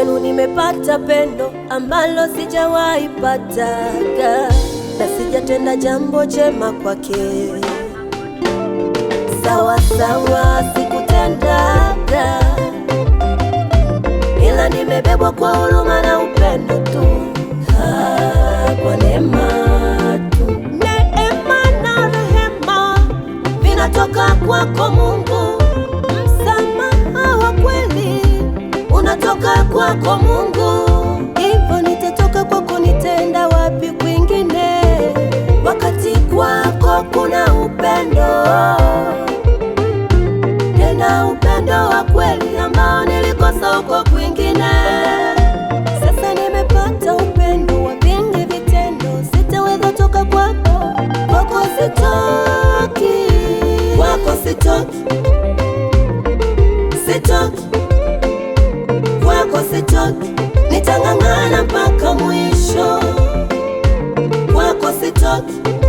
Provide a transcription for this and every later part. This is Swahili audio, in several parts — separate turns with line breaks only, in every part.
kwenu nimepata pendo ambalo sijawahi pataga, na sijatenda jambo jema kwake. Sawa sawa, sikutendaga, ila nimebebwa kwa huruma na upendo tu, kwa neema tu,
neema na rehema
vinatoka kwako upendo wa kweli ambao nilikosa huko kwingine.
Sasa nimepata upendo wa vingi vitendo, sitaweza toka kwako, kwako sitoki,
kwako sitoki, sitoki, kwako sitoki, nitang'ang'ana mpaka mwisho, kwako sitoki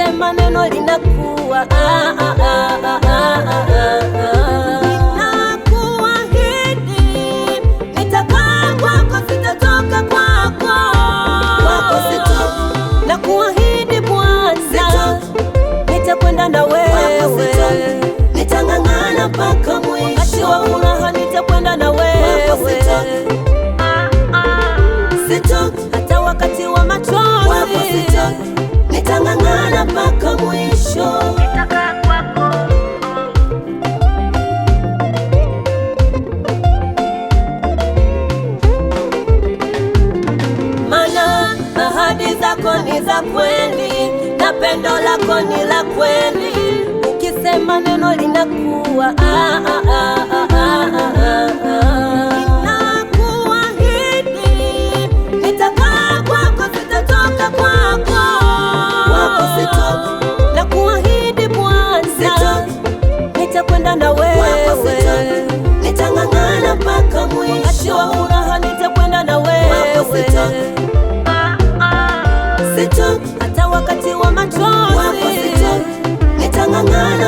ukisema neno linakuwa ah, ah, ah, ah, ah, ah, ah. ah, ah.
zako ni za kweli na pendo lako ni la kweli,
ukisema neno linakuwa ah, ah.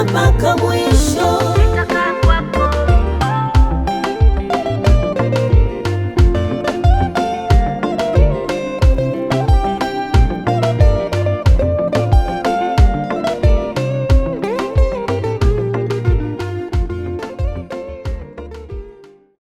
makamu